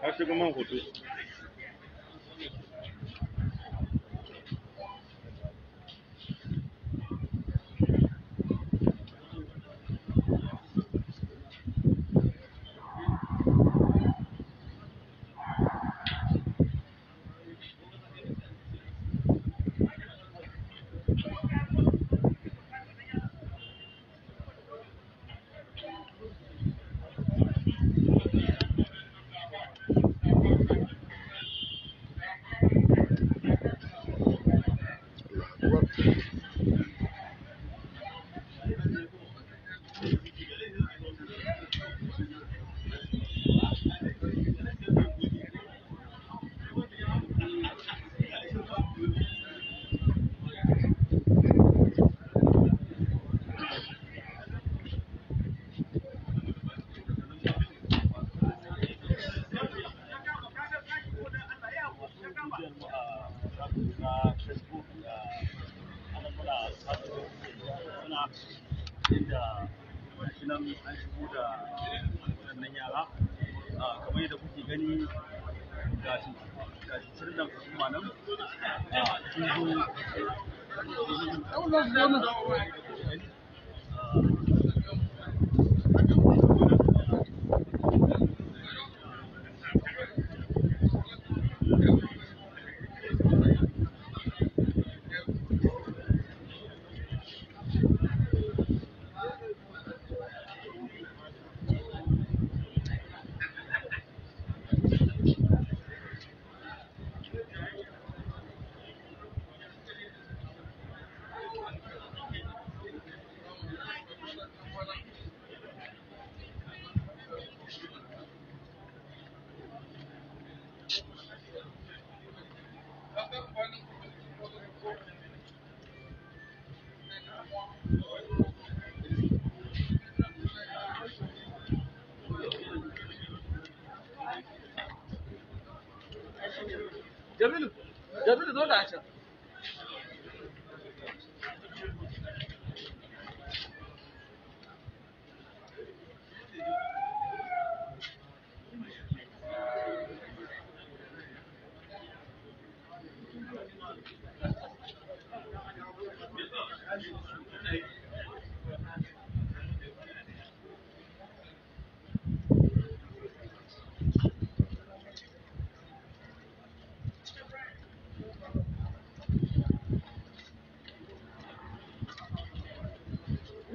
还是个猛虎队。da gashi nan an shigo da waɗannan yara kamar yadda kuke gani gashi gashi sirrin kuma nan sun zo Ya böyle. Ya böyle doğru açar.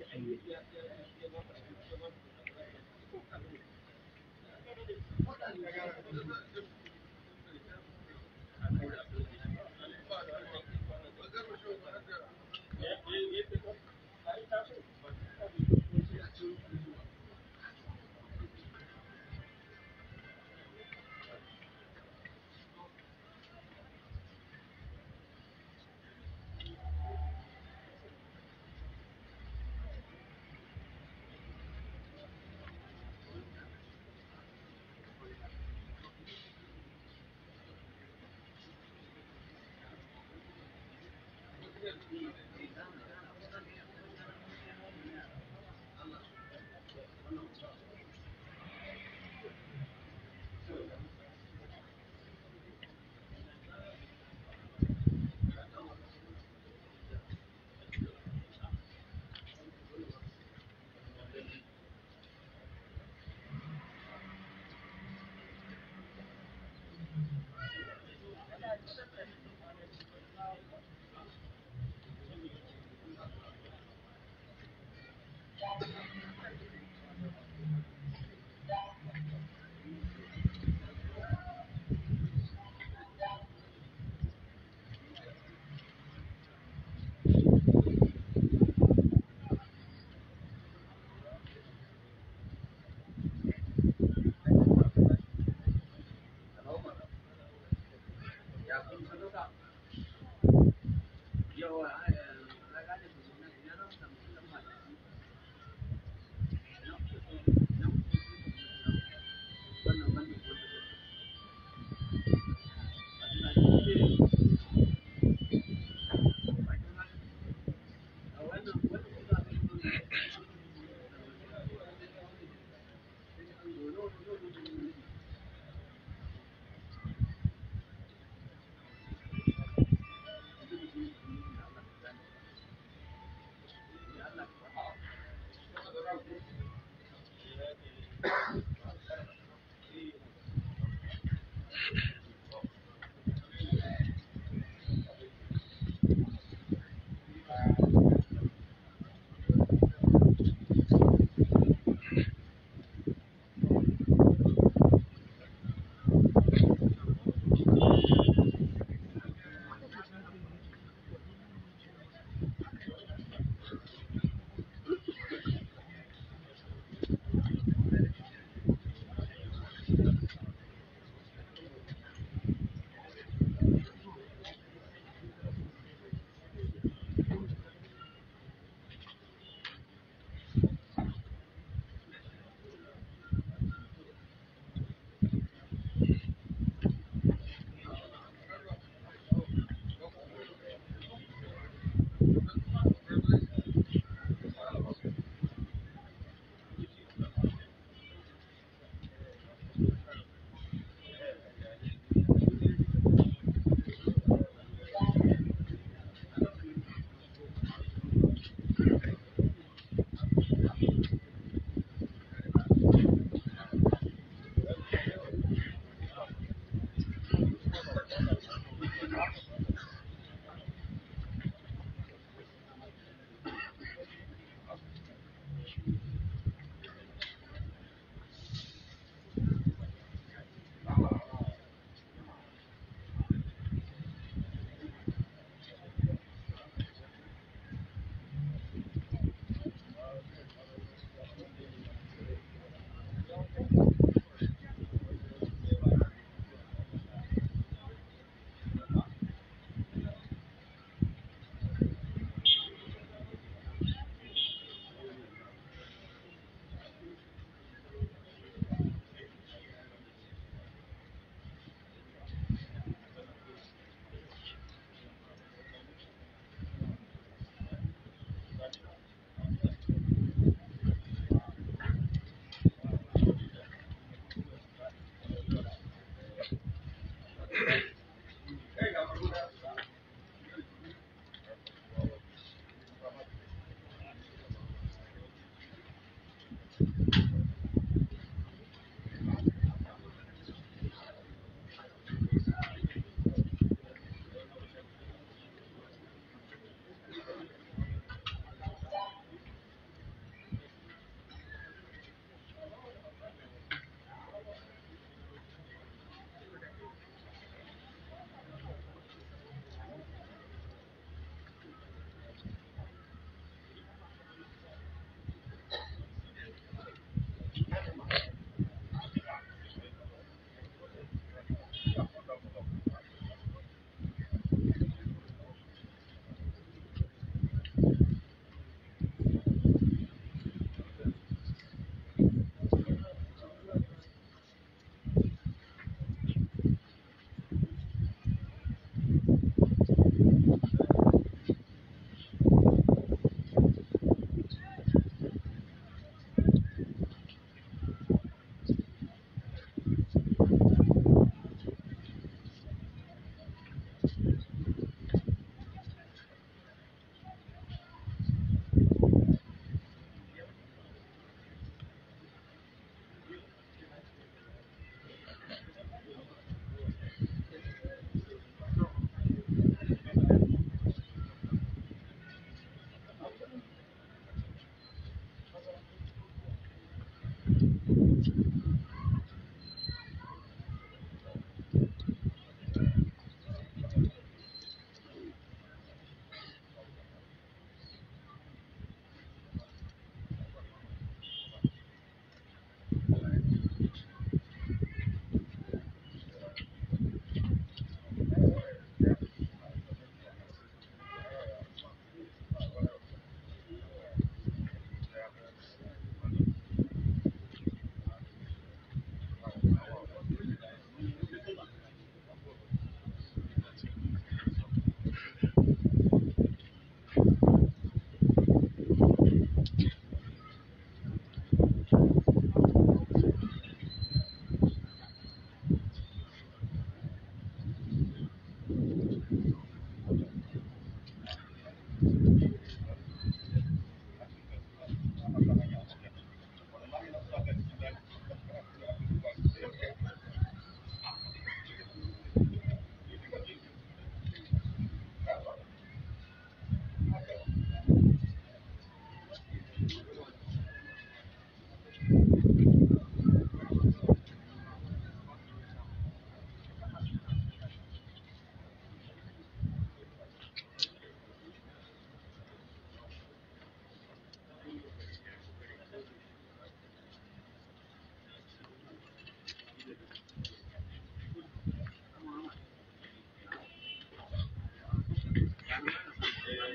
ya Thank you.